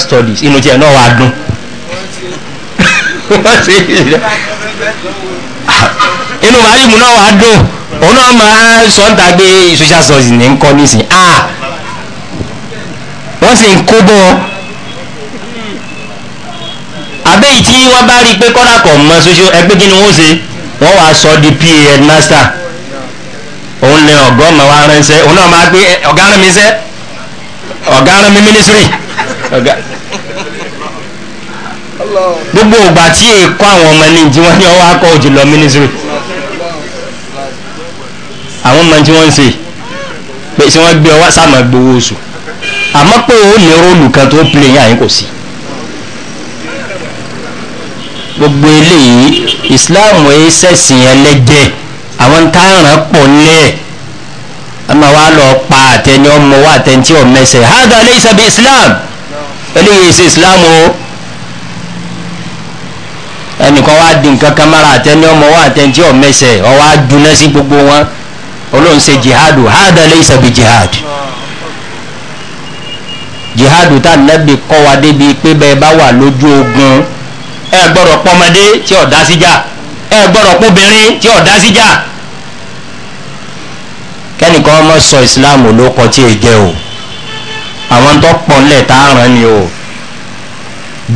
studies inú tiẹ̀ náà wà dùn. inú màálìmù náà wà dùn òun náà máa sọ ń tàgbé social studies ní kọ́ nísìn ah wọ́n sì ń kó bọ́ ọ àbẹ́yìí tí wọ́n bá rí i pé kọ́nà kọ̀ mọ́ soso ẹgbẹ́ kí ni wọ́n ṣe wọ́n wàá sọ di pa headmaster òun ni ọ̀gọ́ ọmọ wa ránṣẹ́ òun náà máa gbé ọ̀gá rán mi sẹ́ ọ̀gá rán mi mínísírì. gbogbo ìgbà tí èkó àwọn ọmọ ní tí wọ́n ní ọwọ́ akọ òjìlọ mínísírì àwọn ọmọ tí wọ́n ń ṣe pé tí wọ́n gbé ọwọ́ sáàmà gbowó oṣù àmọ́ pé ó ní róòlù kan tó pèlè yín àyín kò sí gbogbo eléyìí ìsìláàmù ẹ sẹ̀sìn ẹlẹ́jẹ̀ àwọn pọ̀ nílẹ̀ máa wá lọ pa àtẹni ọmọ wa àtẹni tí ò mẹsẹ̀ hádà eléyìí ṣe islam o ẹnìkan wá di nǹkan kan mara àtẹni ọmọ wa àtẹnjí ọmẹsẹ ọwọ adúná sí gbogbo wọn olóhùn ṣe jihadu hada laysa bi jihad jihadu tá nẹ́bi kọ́ wa débi pé bẹ́ẹ̀ bá wà lójú ogun ẹ gbọ́dọ̀ pọ́mọdé tí ọ̀ dá síjà ẹ gbọ́dọ̀ pọ́bìnrin tí ọ̀ dá síjà kẹ́nìkan ọmọ sọ islam ló kọ tí e jẹ́ o àwọn tó pọ̀ ńlẹ̀ tá a ràn ni o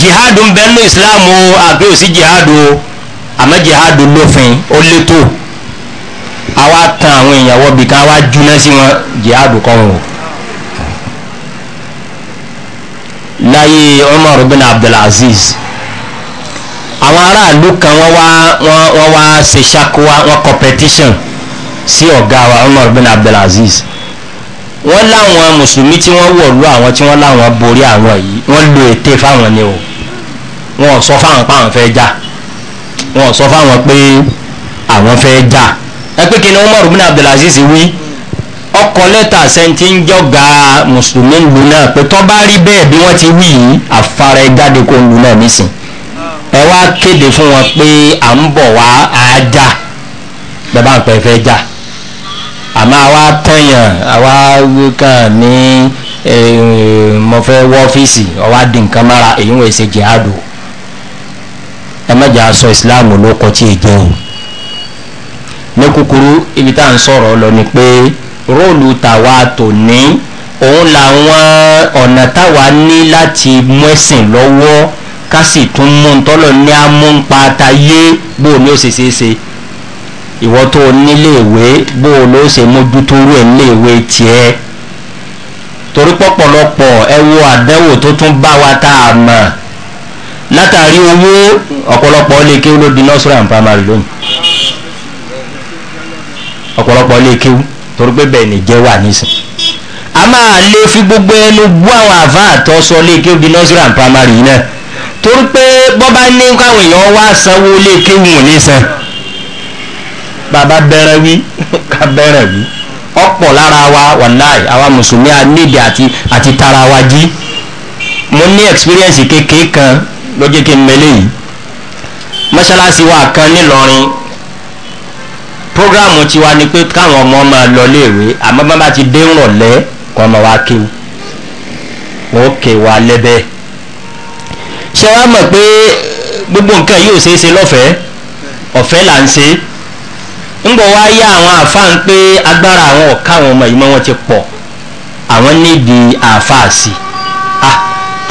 jihadu ń bẹ́ẹ̀ ní islam o àbí òsì jihadu o àmọ́ jihadu lófin ó létò àwa tan àwọn èèyàn wọbi kan wá júná sí wọn jihadu kọ́ wọn o. láyé umar bin abdulaziz àwọn aráàlú kan wọ́n wá wọ́n wá ṣe ṣakowa wọ́n competition sí ọ̀gá wa umar bin abdulaziz wọ́n láwọn mùsùlùmí tí wọ́n wọ̀ lú àwọn tí wọ́n láwọn borí àwọn yìí wọ́n lo ète fáwọn ni o wọ́n sọ fáwọn pé àwọn fẹ́ jà wọ́n sọ fáwọn pé àwọn fẹ́ jà ẹ pé kíni umar bin abdulaziz wí ọkọ̀ lẹ́tà sẹ́ńtì ń jọ̀gà mùsùlùmí lu náà pé tọ́ bá rí bẹ́ẹ̀ bí wọ́n ti wí yìí àfara ẹ jáde kó lu náà nísìn ẹ wá kéde fún wọn pé à ń bọ̀ wá àájà bẹ́ẹ̀ bá ń pẹ́ fẹ́ jà àmọ́ àwa tẹ̀yàn àwa kàn ní mo fẹ́ wọ ọ́fíìsì ọwọ́ adi nǹkan mọ́ra èyí wọ́n ṣe jihad o ẹ mẹ́jọ aṣọ islam ló kọ́ tí èjọ o ní kúkúrú ibi tá à ń sọ̀rọ̀ lọ ni pé róòlù tàwa tò ní òun làwọn ọ̀nà táwa ní láti mú ẹ̀sìn lọ́wọ́ ká sì tún mú un tọ́lọ̀ ní amúnpa ta yé bóun ó ṣe ṣe é ṣe ìwọ tó nílé ìwé bó o ló ṣe mójútó rú ẹ̀ nílé ìwé tiẹ̀ torí pọ̀pọ̀lọpọ̀ ẹ wo àdánwò tó tún bá wa tá a mọ̀ látàrí owó ọ̀pọ̀lọpọ̀ lè kéwú ló di nursery and primary lónìí ọ̀pọ̀lọpọ̀ lè kéwú torí pé bẹ́ẹ̀ ni jẹ́ wà nísìn a máa lé fi gbogbo ẹnu bú àwọn àfa àtọ́sọ lè kéwú di nursery and primary yìí náà torí pé bọ́ bá ní káwọn èèyàn wá sanwó lè kéwú nísìn baba bẹ̀rẹ̀ wí ká bẹ̀rẹ̀ wí ọ̀pọ̀ lára wa wàláì àwa mùsùlùmí a nídìí àti àti tara wa jí mo ní experience kékeré kan ló jẹ́ kí n mẹ́lẹ̀ yìí mọ́ṣáláṣí wa kan nílọrin programu tiwa ni pé káwọn ọmọ máa lọ léèwé àmọ́ bá bá ti dé ńrọ̀lẹ́ kọ́ ọmọ wa kéwù wọ́n kè wá lẹ́bẹ̀ẹ́ ṣé wàá mọ̀ pé gbogbo nǹkan yìí ò ṣeé ṣe lọ́fẹ̀ẹ́ ọ̀fẹ́ là ń ṣe é ńgbọ̀ wá yá àwọn àfáà ń pé agbára àwọn ọ̀ka àwọn ọmọ yìí mọ́ wọn ti pọ̀ àwọn nídìí àfáà sí ah,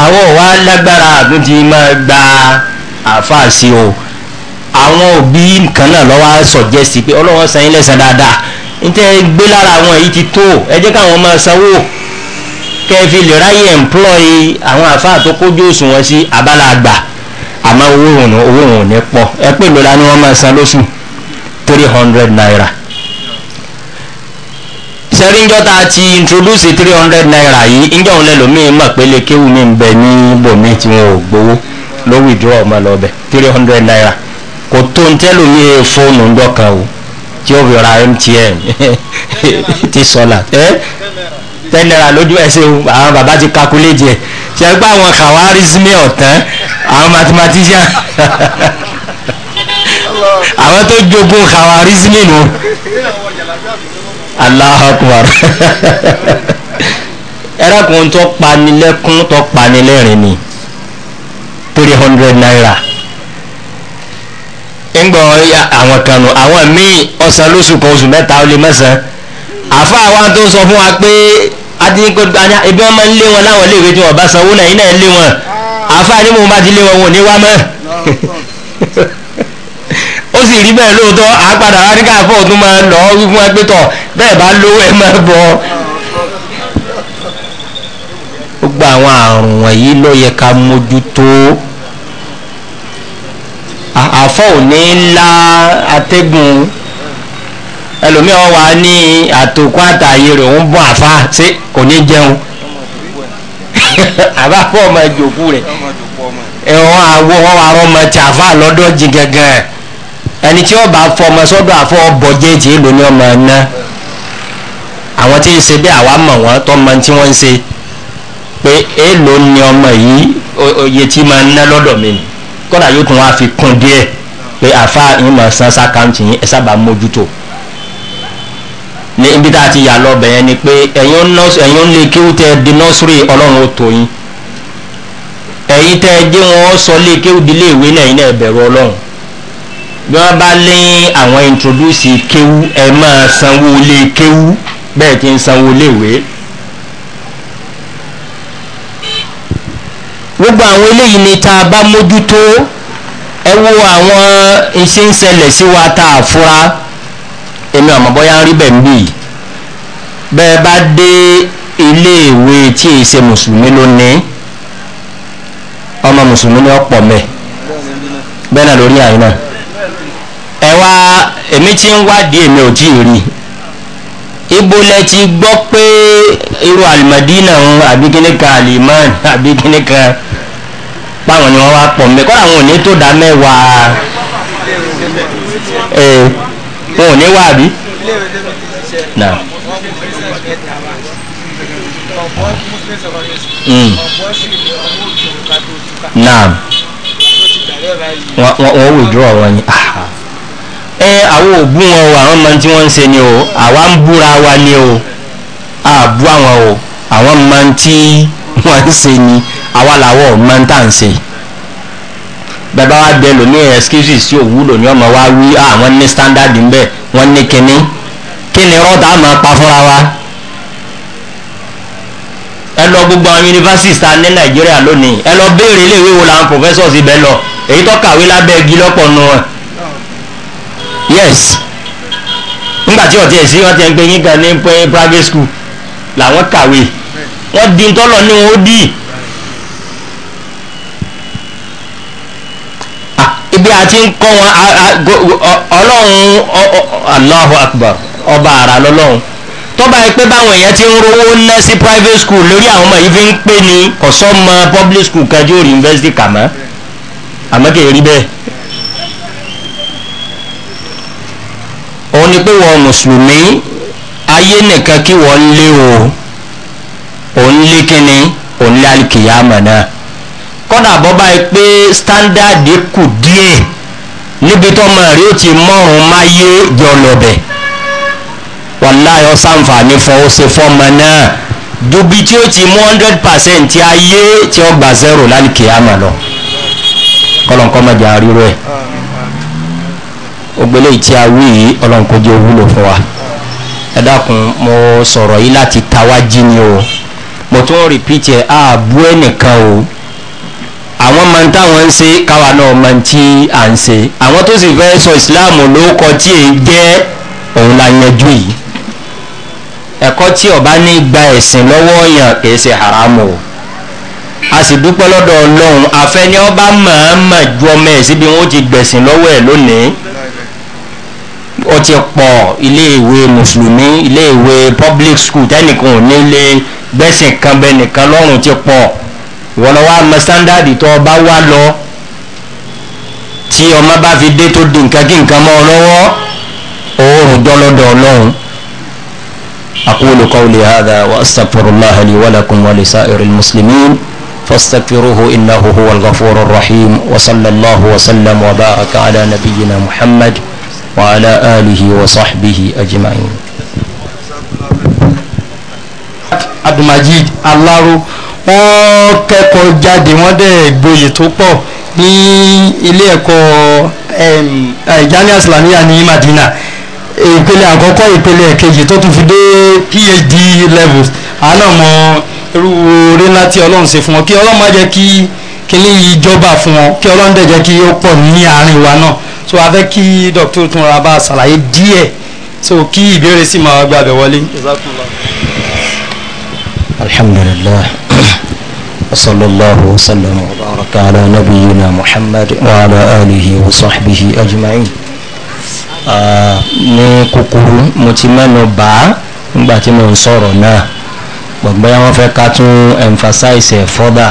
àwọn ọ̀wá lágbára àdún ti máa gba àfáà sí o àwọn òbí nǹkan náà lọ́wọ́ sọ̀jẹ́sì pé ọlọ́wọ́ san yín lẹ́sàn dáadáa níta gbé lára àwọn èyí ti tó ẹ jẹ́ káwọn máa sanwó kẹfì lè ráyè ẹ̀mplọ́ì àwọn àfáà tó kójú òṣùwọ̀n sí abala àgbà àmọ́ owó òun ò ní pọ̀ ẹ pè lóla ni wọ́n máa san lóṣù. 300 naira sẹ́rí ńjọ́ ti introduce three naira yìí ńjọ́ òun lẹ́lòmíì mọ̀ pé mi bẹ ní bòmí tí wọn ò gbowó ló withdraw ọmọ lọ bẹ̀ three hundred naira kò tó ń fóònù kan o tí ó fi ra mtn ti sọ̀la ten naira lójú ẹsẹ̀ o àwọn bàbá ti calculate ṣe àwọn ọ̀tán àwọn àwọn tó jogun khawarizmi nù Allahu Akbar ẹ̀rọ̀kùn tó panilẹ́kún tó panilẹ́rìn ni three hundred naira ńgbọ́ àwọn kanu àwọn míì ọ̀sán lóṣù kan oṣù mẹ́ta ó lé mẹ́sàn-án àfa àwọn tó sọ fún wa pé adigunjalè ibi wọn máa ń lé wọn láwọn iléèwé tí wọn bá sanwó náà yín náà ń lé wọn àfa ni mo bá ti lé wọn wọn ò ní wá mọ́ sì rí bẹ́ẹ̀ lóòótọ́ àápadà áríkà fọ́ tó máa lọ wí fún ẹgbẹ́ tọ̀ bẹ́ẹ̀ bá lówó ẹ máa bọ̀ ó gba àwọn àrùn wọ̀nyí ló yẹ ká mójútó àfọ́ ò ní ńlá atẹ́gùn ẹlòmíràn wà ní àtòkọ àtàyè rẹ̀ ń bọ̀ àfa ṣé kò ní jẹun àbá fọ́ ọmọ ìjòkú rẹ̀ ẹ̀wọ̀n àwọ̀ wọn tí àfa lọ́dọ̀ jìn gẹ́gẹ́ ẹni tí ó bá fọmọ sọ́dọ̀ àfọ bọ̀jẹ́ tí èlò ní ọmọ ẹ̀ná àwọn tí ń ṣe bí àwa mọ̀ wọ́n tó mọ tí wọ́n ń ṣe pé èlò ní ọmọ yìí oye tí máa ń ná lọ́dọ̀ mi kódà yóò tún wá fi kún díẹ̀ pé àfa ìmọ̀ san sàkáǹtì yín ẹ sábà mójútó ní ibi tá a ti yà lọ́bẹ̀ yẹn ni pé ẹ̀yin ń lè kí tẹ di nọ́sírì ọlọ́run ó tó yín ẹ̀yin tẹ́ ẹ jẹ́ wọn sọ lé kí ó di náà yín náà bẹ̀rù ọlọ́run bí wọ́n bá lé àwọn introduce kéwú ẹ máa sanwó lé kéwú bẹ́ẹ̀ ti ń sanwó léèwé. gbogbo àwọn eléyìí ni tá a bá mójútó ẹ wo àwọn iṣẹ́ ń ṣẹlẹ̀ sí wa tá a fura èmi àmọ́ bóyá ń rí bẹ́ẹ̀ ń bì í bẹ́ẹ̀ bá dé iléèwé tí èyí ṣe mùsùlùmí lónìí ọmọ mùsùlùmí ni ọ̀pọ̀ mẹ́ bẹ́ẹ̀ náà lórí àyín wá èmi tí ń wádìí èmi ò tí ti gbọ pé irú alimadina ń àbí kan alimán àbí kan ni wọ́n wá pọ̀ mẹ́ kọ́ àwọn òní tó dá mẹ́wàá ee wọn ò ní wá àbí. naam hmm. wọ́n ẹ àwọn ògùn wọn o àwọn máa tí wọ́n ń ṣe ni o àwa ń búra wa ni o àbú àwọn o àwọn máa tí wọ́n ń ṣe ni àwa làwọ̀ máa ń tà ń ṣe bàbá wa bẹ lómi ẹsikísì sí òwúlò ni ọmọ wa wí àwọn ní standard ń bẹ wọ́n ní kinní kíni rọ́ọ̀tà máa pa fúnra wa ẹ lọ gbogbo àwọn yunifásitì ta ní nàìjíríà lónìí ẹ lọ béèrè iléèwé wo làwọn professeurs ibẹ̀ lọ èyí tó kàwé lábẹ́ igi lọ́pọ̀ nù wọn yes nígbà tí ọ̀tí ẹ̀ sí wọ́n ti ń pe yín kan ní private school làwọn kàwé wọ́n di tọ́lọ̀ ní wọn ó dì í. Ah, ibi àti ń kọ́ wọn ọlọ́run allahu akbar ọba àrà lọ́lọ́run tọ́ba yìí pé báwọn èèyàn ti ń rówó ná sí private school lórí àwọn ọmọ yìí fi ń pè ní kọ̀sọ́mọ public school kan tí ó rí university kà mọ́ àmọ́ kì í rí bẹ́ẹ̀. ni pé wọ́n mùsùlùmí ayé nìkan kí wọ́n lé o òun lé kíni òun lé alìkìyàmọ̀ náà kọ́dà bọ́ báyìí pé sítándàdì kù díẹ̀ níbi tọ́mọ rẹ̀ ó ti mọ́rùn máyé jọ lọ́bẹ̀ wàláyé ọ̀sánfààní fọwọ́ ṣe fọ́mọ náà dubi tí o ti mú hundred percent ti ayé tí ó gba zero lálìkìyàmọ̀ lọ kọ́lọ́nkọ́ mọ̀jà rírọ̀ ẹ̀ ògbélé tí a wí yìí ọlọ́run kò jẹ́ òwúlò fún wa ẹ dákun mo sọ̀rọ̀ yìí láti tawájí ni o mo tún ń rìpíìtì ẹ̀ ààbò ẹnìkan o àwọn máa ń táwọn ń ṣe káwa náà máa ń tí à ń ṣe àwọn tó sì fẹ́ sọ islam ló kọ tí èyí jẹ́ òun la yanjú yìí ẹ̀kọ́ tí ọba ní gba ẹ̀sìn lọ́wọ́ yàn kìí ṣe haramu o a sì dúpẹ́ lọ́dọ̀ ọlọ́run afẹ́ni ọba mọ̀ọ́mọ̀ ju ọmọ ẹ̀ síbi wọn ti gbẹ̀sìn lọ́wọ́ ẹ̀ lónìí ti pọ̀ iléèwé mùsùlùmí iléèwé public school tẹ́nìkan ò ní lè gbẹ̀sìn kan bẹ́ẹ̀ nìkan lọ́rùn ti pọ̀ wọ́n wá mọ sándàdì tó ọba wá lọ tí ọmọ bá fi dé tó di nǹkan kí nǹkan mọ́ ọ lọ́wọ́ oòrùn dọ́lọ́dọ̀ ọlọ́run. أقول قولي هذا وأستغفر الله لي ولكم ولسائر المسلمين فاستغفروه إنه هو الغفور الرحيم وصلى الله وسلم وبارك على نبينا محمد وعلى آله وصحبه أجمعين Abdulmajid Alaro wọ́n kẹ́kọ̀ọ́ jáde wọ́n dẹ̀ gboyè tó pọ̀ ní ilé ẹ̀kọ́ eh, Jamia Islamia ní Madina ìpele àkọ́kọ́ ìpele ẹ̀kejì tó tún fi dé PhD levels àánà mọ irú oore ńlá Ọlọ́run ṣe fún wọn kí Ọlọ́run má jẹ́ kí kíní yìí fún wọn kí Ọlọ́run dẹ̀ jẹ́ kí ó pọ̀ ní àárín wa náà so a fẹ́ kí dr túnra bá ṣàlàyé díẹ̀ so kí ìbéèrè sì máa gbàgbẹ́ wọlé. alhamdulilah وصلى الله وسلم وبارك على نبينا محمد وعلى wa وصحبه أجمعين ní kúkúrú mo ti mẹ́nu bà á nígbà tí mo ń sọ̀rọ̀ náà gbọ̀ngbẹ́ wọn fẹ́ ká tún emphasize ẹ̀ fọ́dà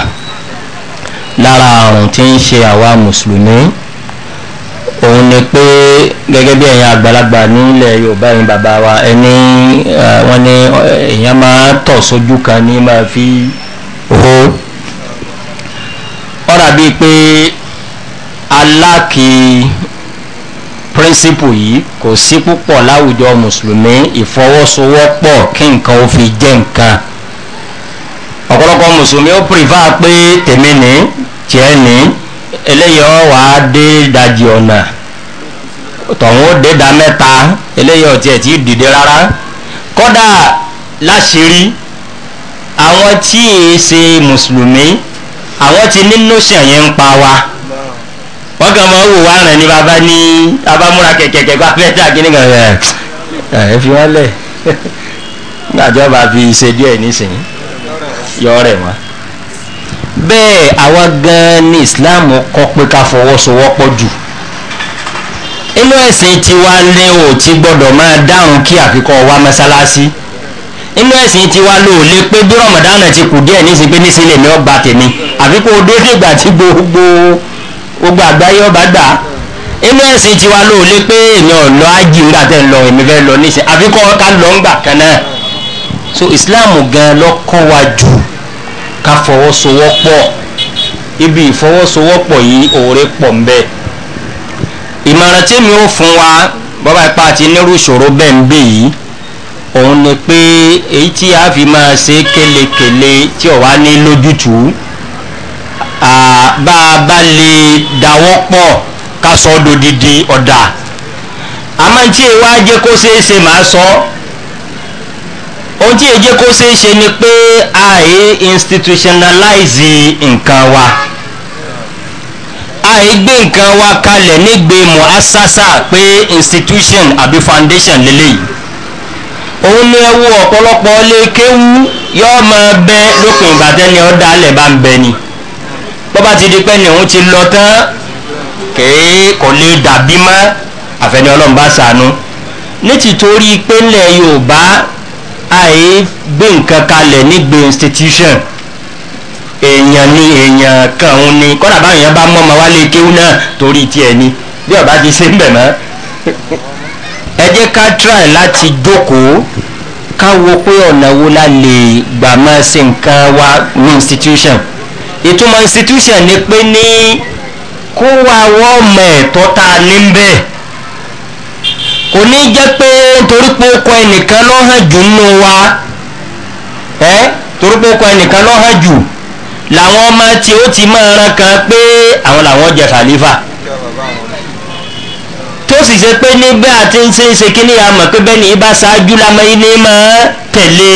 lára àrùn tí ń ṣe àwa mùsùlùmí òun ni pé gẹ́gẹ́ bí ẹ̀yin àgbàlagbà nílẹ̀ yorùbá yìí bàbá wa ẹni wọ́n ní èèyàn máa tọ̀ sójú kan ní máa fi hó ọ̀rà bíi pé aláàkì píríncípù yìí kò sí púpọ̀ láwùjọ mùsùlùmí ìfọwọ́sowọ́pọ̀ kí nǹkan ó fi jẹ́ nǹkan ọ̀pọ̀lọpọ̀ mùsùlùmí ó pìrìfà pé tèmi ní tiẹ̀ ní eléyìí ọ wàá dé dajì ọ̀nà tọ̀hún ó dé da mẹ́ta eléyìí ọ̀tí ẹ̀ tí dìde rárá kọ́dà láṣìírí àwọn tí è ṣe mùsùlùmí àwọn ti nínú ṣẹ̀yìn ń pa wa wọ́n kàn máa wò wá rẹ̀ ní bàbá ní bàbá múra kẹ̀kẹ̀kẹ̀ bá fẹ́ dà kíní kan ẹ̀ ẹ̀ fi wọ́n lẹ̀ nígbàjọba fi ṣe díẹ̀ nísìnyí yọ rẹ̀ wọ́n bẹ́ẹ̀ àwa gan ni islam kọ́ pé ká fọwọ́sowọ́pọ̀ jù inú ẹ̀sìn tiwa ní o ti gbọ́dọ̀ máa dáhùn kí àfikọ́ wa mọ́sálásí inú ẹ̀sìn tiwa ló lè pé bí rọ̀mọ̀dánà ti kù díẹ̀ níṣẹ́ pé níṣẹ́ lèmi ọba tèmi àfikọ́ odóde ìgbà tí gbogbo gbogbo àgbáyé ọba gbà inú ẹ̀sìn tiwa ló lè pé èmi ọ̀lọ́ ájì ńgbà tẹ̀ ń lọ èmi fẹ́ lọ níṣẹ́ àfikọ́ ká lọ ńgbà kan náà so islam gan lọ́kọ́ wa jù ká fọwọ́sowọ́pọ̀ ibi ìfọwọ́sowọ́pọ̀ yìí òòrè pọ̀ ń bẹ́ẹ̀ ìmọ̀ràn tí mi ò fún wa bọ́bá ipá ti nírú ìṣòro bẹ́ẹ̀ ń bè yìí òun ni pé èyí tí a fi máa ṣe kélekèle tí ò wá ní lójútùú bá a bá lè dáwọ́ pọ̀ ká sọ ọ́ dodidi ọ̀dà àmọ́ tí èèwà kó ṣeé ṣe máa sọ ọ́ ohun tí èjé kó ṣeé ṣe ni pé àì institutionalize nǹkan wa àì gbé nǹkan wa kalẹ̀ nígbè mọ̀ pé institution àbí foundation lélẹ́yìí òun ni ẹwu ọ̀pọ̀lọpọ̀ lé kéwú yọ́ọ́ máa bẹ lópin ìgbà tẹ́ni ọ̀dà alẹ̀ bá ń bẹ ni bọ́bá ti di pé ni òun ti lọ tán kèé kò lè dàbí mọ́ àfẹnì sànú ní tìtorí pé ńlẹ̀ yorùbá àì gbé nǹkan kalẹ̀ nígbè institution èèyàn ni èèyàn kan òun ni kọ́dà báwọn èèyàn bá mọ́mọ́ wálé kéwú náà torí tiẹ̀ ni bí ọba ti ṣe ń bẹ̀ mọ́ ẹ jẹ́ ká try láti jókòó ká wo pé ọ̀nà wo la lè gbà máa ṣe nǹkan wa ní institution ìtumọ̀ institution ni pé ní kó wa wọ́n mọ̀ ẹ̀tọ́ tá ní bẹ́ẹ̀ kò ní jẹ́ pé torí pé ó kọ ẹnìkan ló hàn jù nínú wa ẹ́ torí pé ó kọ ẹnìkan ló hàn jù làwọn ọmọ tí ó ti máa ran kan pé àwọn làwọn jẹ khalifa tó sì ṣe pé níbẹ̀ àti ń ṣe ń ṣe kí ni a mọ̀ pé bẹ́ẹ̀ ni ibà ṣáájú lamọ́ yìí ní máa tẹ̀lé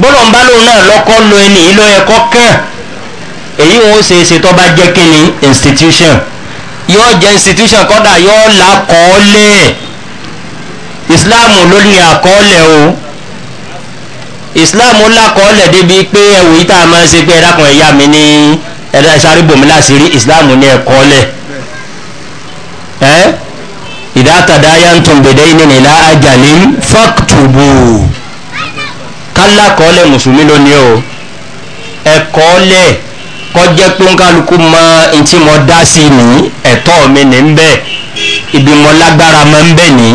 bọ́lọ̀ ń bá lòun náà lọ́kọ́ lo ẹni yìí ló kàn èyí wọn ó ṣe é ṣe tó bá jẹ́ kí institution yóò jẹ́ institution kọ́dà yóò là kọ́ lẹ́ẹ̀ islam ló ní àkọọ́lẹ̀ o islam lákọọ́lẹ̀ débi pé ẹ̀wò yìí tá a máa ń ṣe pé ẹ̀dàkùn ẹ̀yà mi ní ẹ̀dá sáré bòmí láṣìírí islam ní ẹ̀kọ́ọ́lẹ̀ ẹ̀ ìdátàdá yàtọ̀ gbèdé yìí ní ìlà ajalè fàkùtùbù kálákọọ́lẹ̀ mùsùlùmí lónìí o ẹ̀kọ́ọ́lẹ̀ kọjẹ́ pé ń kálukú mọ ntí mo dá sí ní ẹ̀tọ́ mi ní ń bẹ́ẹ̀ ibi mo lágbára mọ́ ń bẹ́ẹ̀ ní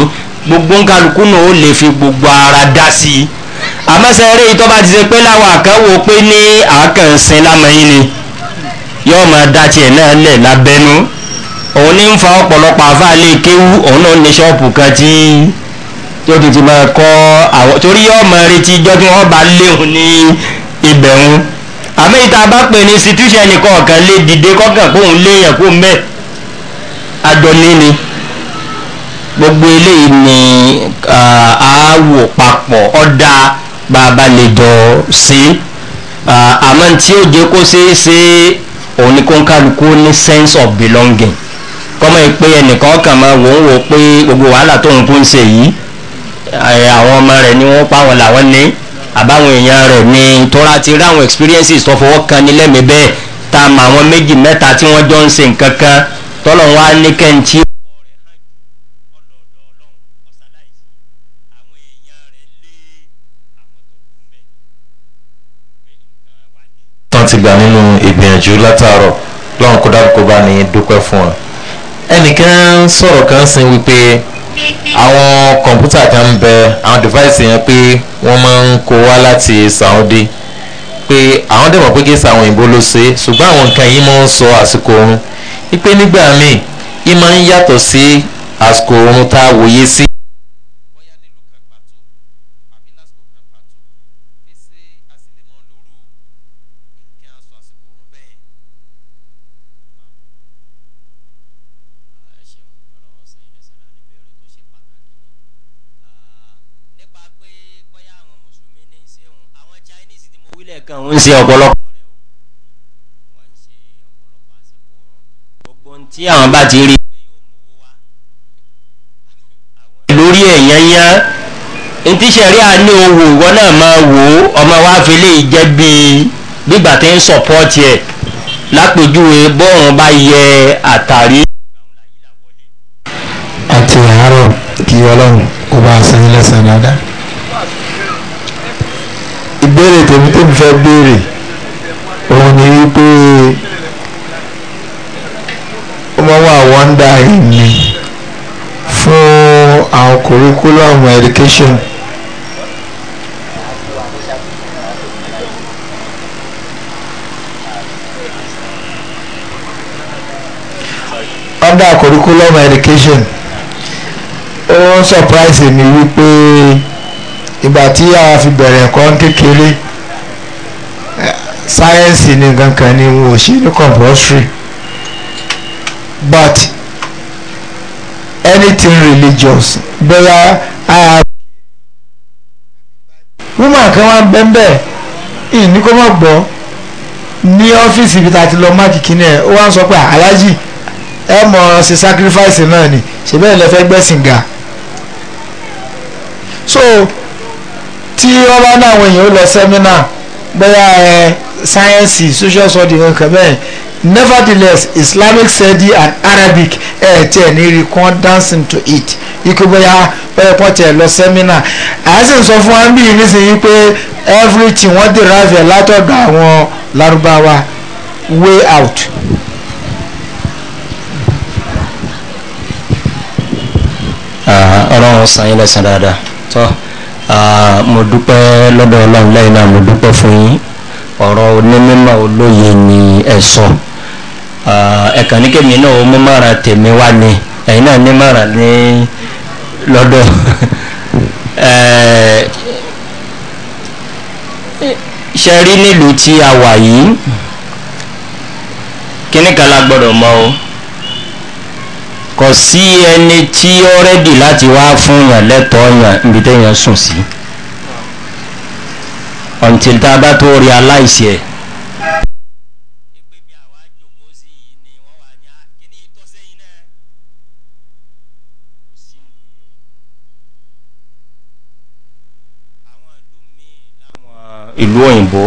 gbogbo nkàlùkù náà ó lè fi gbogbo ara dá sí i àmọ́sẹ̀ eré yìí tó bá ti ṣe pé láwọn àkànwò pé ní àákànsin lámọ̀yìn ni yóò máa dá tiẹ̀ náà lẹ̀ lábẹ́nú òun ní ń fa ọ̀pọ̀lọpọ̀ àfáàlẹ́ kéwú òun náà ní ṣọ́ọ̀pù kan tí yóò tún máa kọ́ àwọn torí yóò máa retí ijọ́ tí wọ́n bá léhùn ní ibẹ̀ wọn àmì ìta bá pè ní institution nìkan ọ̀kan lé dìde kọ́kàn kóun léèyàn kóun mẹ́ àjọ ní ni. ni gbogbo eléyìí ni aáwò papọ̀ ọ̀dà bàbá lè jọ sí àmọ́ tí ó jẹ́ kó ṣeé ṣe òun ni kó ń kálukú ní sense of belonging kọ́mọ yìí pé ẹnìkan kàn máa wò ó wò pé gbogbo wàhálà tóun kún ṣe yìí àwọn ọmọ rẹ̀ ni wọ́n pa wọn làwọn ní àbáwọn èèyàn rẹ̀ ni tọ́ra ti rí àwọn experiences tó fọwọ́ kan ní lẹ́mìí bẹ́ẹ̀ tá a mọ àwọn méjì mẹ́ta tí wọ́n jọ ń ṣe nǹkan kan tọ́lọ̀ wá ní kẹ́ntì náà ti gbà nínú ìgbìyànjú látàárọ̀ lọ́run kó dákú kó bá ní dúpẹ́ fún ọ. ẹnìkan sọ̀rọ̀ kan sin wípé àwọn kọ̀ǹpútà kan ń bẹ àwọn device yẹn pé wọ́n máa ń kó wá láti Saudi pé àwọn dẹ̀ mọ̀ pé gẹ̀ẹ́sì àwọn òyìnbó ló ṣe ṣùgbọ́n àwọn nǹkan yìí máa ń sọ àsìkò oorun wípé nígbà míì yìí máa ń yàtọ̀ sí àsìkò oorun tá a wòye sí ń ṣe ọ̀pọ̀lọpọ̀ tí àwọn bá ti rí lórí ẹ̀yán yán ntí sẹ̀rí àní owó ìwọ náà máa wò ó ọmọ wa fi lè jẹ́ bíi gbígbà tí ń sọ̀pọ́ọ̀tì ẹ̀ lápèjúwe bọ́ọ̀rùn bá yẹ àtàrí. àti àárọ̀ kí ọlọ́run kó bá a sẹ́yìn lẹ́sẹ̀ dáadáa ìbéèrè tèmi tèmi fẹ́ béèrè òun ni wípé ó máa wà wọ́ndà ìní fún àwọn curriculum education. under curriculum education ó surprise mi wípé ìgbà tí a fi bẹ̀rẹ̀ ẹ̀kọ́ kékeré sáyẹ́ǹsì ni kankan ni wọn ò ṣe ní compulsory but anything religious bẹ́ẹ̀ a. woman kan wá bẹ́ẹ̀ bẹ́ẹ̀ ìní kó mọ̀ gbọ́ ní ọ́fíìsì ibi tá a ti lọ máàkì kínní ẹ̀ ó wá ń sọ pé aláàjì ẹ mọ̀ ọ́ sacrifice náà ni ṣe bẹ́ẹ̀ lẹ fẹ́ gbẹ́sìn ga so tí wọ́n bá ní àwọn èèyàn ó lọ sẹ́mínà bóyá ẹ sáyẹ́nsì social study nǹkan bẹ́ẹ̀ nevertheless islamic study and arabic ẹ tí ẹ ní rí kàn dancing to it ikú bóyá bóyá pọ́n tiẹ̀ lọ sẹ́mínà àyà sì ń sọ fún wa bí nísìnyí pé everything wọ́n derive ẹ̀ látọ̀dọ̀ àwọn larubawa way out. ọlọ́run san yín lẹ́sìn dáadáa tọ́. So, mo dúpẹ́ lọ́dọ̀ ọlọ́run lẹ́yìn náà mo dúpẹ́ fún yín ọ̀rọ̀ onímọ̀ olóye ni ẹ sọ ẹ̀kan ní kémi náà mo mára tèmi wá ni ẹ̀yin náà ní mára ní lọ́dọ̀ ṣe rí nílùú tí a wà yìí kíníkà la gbọ́dọ̀ mọ̀ o kò sí ẹni tí ó rẹ́dì láti wá fún yàn lẹ́tọ̀ọ́ yàn níbi téèyàn sùn sí until tá a bá tó realize ẹ̀. ìlú òyìnbó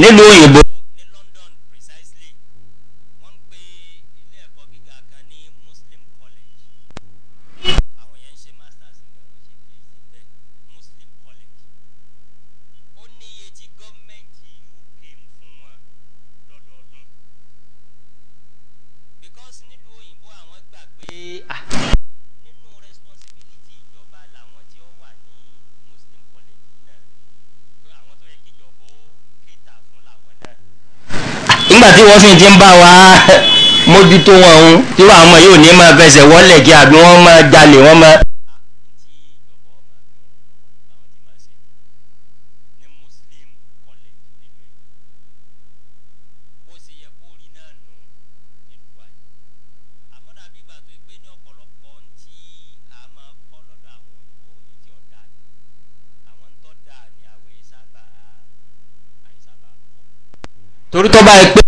nílùú òyìnbó wọ́n sì ti ń bá wa mójútó wọn òun tíwọ́ àwọn ọmọ yóò ní máa fẹsẹ̀ wọ́lẹ̀ kí àbí wọ́n máa jalè wọ́n máa. torí tó pé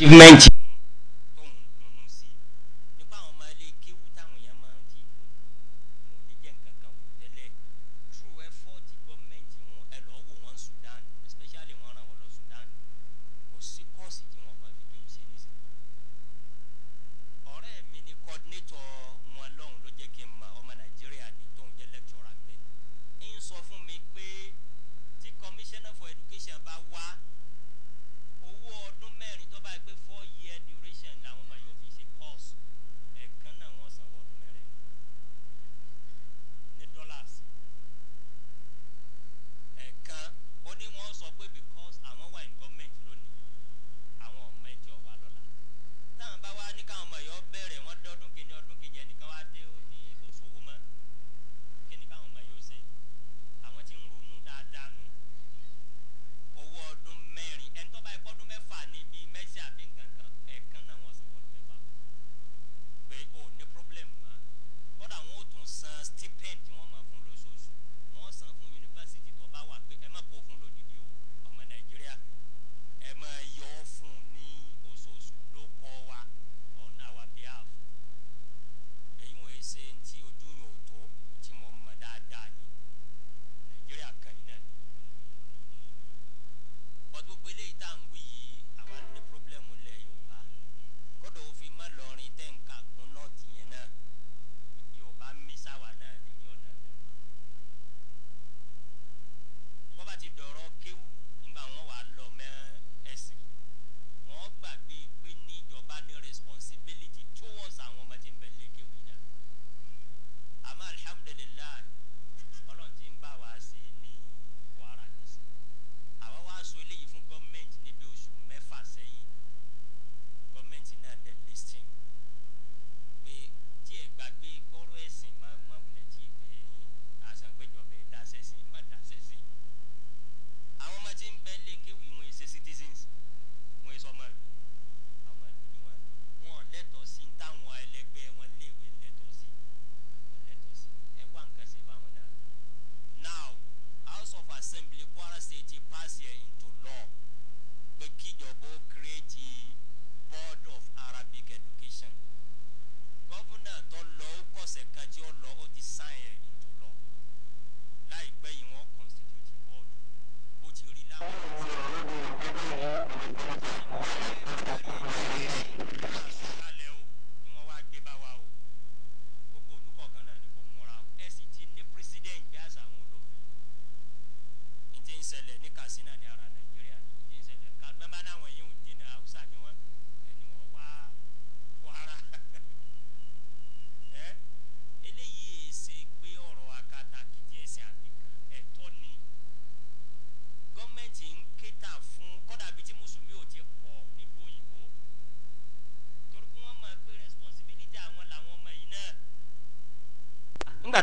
achievement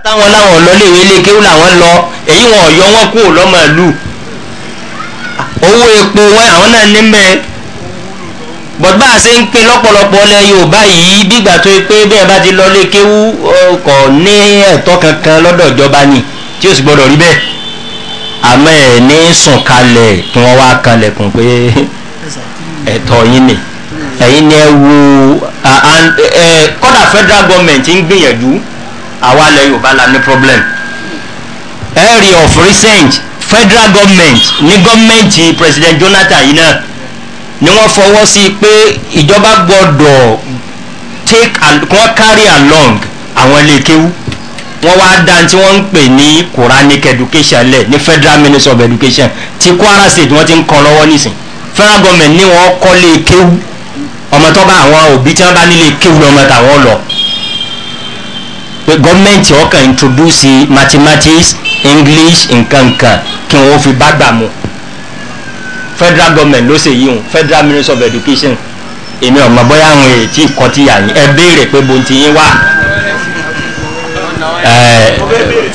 táwọn láwọn ọlọ́léèwé lékéwú làwọn lọ èyí wọn ọ̀yọ́ wọn kúrò lọ́mọ ìlú owó epo wọn àwọn náà ní mẹ́ẹ̀ bọ̀dá ṣe ń pin lọ́pọ̀lọpọ̀ ọlẹ́ yorùbá yìí dìgbà tó yẹ pé bẹ́ẹ̀ bá ti lọ lékéwú ọkọ̀ ní ẹ̀tọ́ kankan lọ́dọ̀ ìjọba ni tí ó sì gbọ́dọ̀ rí bẹ́ẹ̀ àmọ́ ẹ̀ ní sùn kalẹ̀ kí wọ́n wá kalẹ̀ kún pé ẹ̀tọ́ yín ni ẹ̀yin ni ẹ wo kọ́dà federal government ń gbìyànjú àwa lẹ yorùbá la ní problem area of recent federal government ní gọ́ọ̀mẹ̀ntì president jonathan yìí náà ni wọ́n fọwọ́ sí pé ìjọba gbọ́dọ̀ take wọ́n carry along àwọn ilé kéwú wọ́n wá dá tí wọ́n ń pè ní quranic education lẹ̀ ní federal ministry of education ti kwara state wọ́n ti ń kọ́ lọ́wọ́ nísìn federal government ní wọ́n kọ́ lé kéwú ọmọ tó bá àwọn òbí tí wọ́n bá nílé kéwú lọ́mọ tàwọn lọ pé gọ́ọ̀mẹ̀ntì ọkàn introduce mathematics english nkankan kí wọ́n fi bá gbà mu federal government ló ṣe yí wọn federal ministry of education èmi ọ̀mọ̀ bóyá àwọn ètí ìkọ́ ti yà yín ẹ béèrè pé bo ti yín wà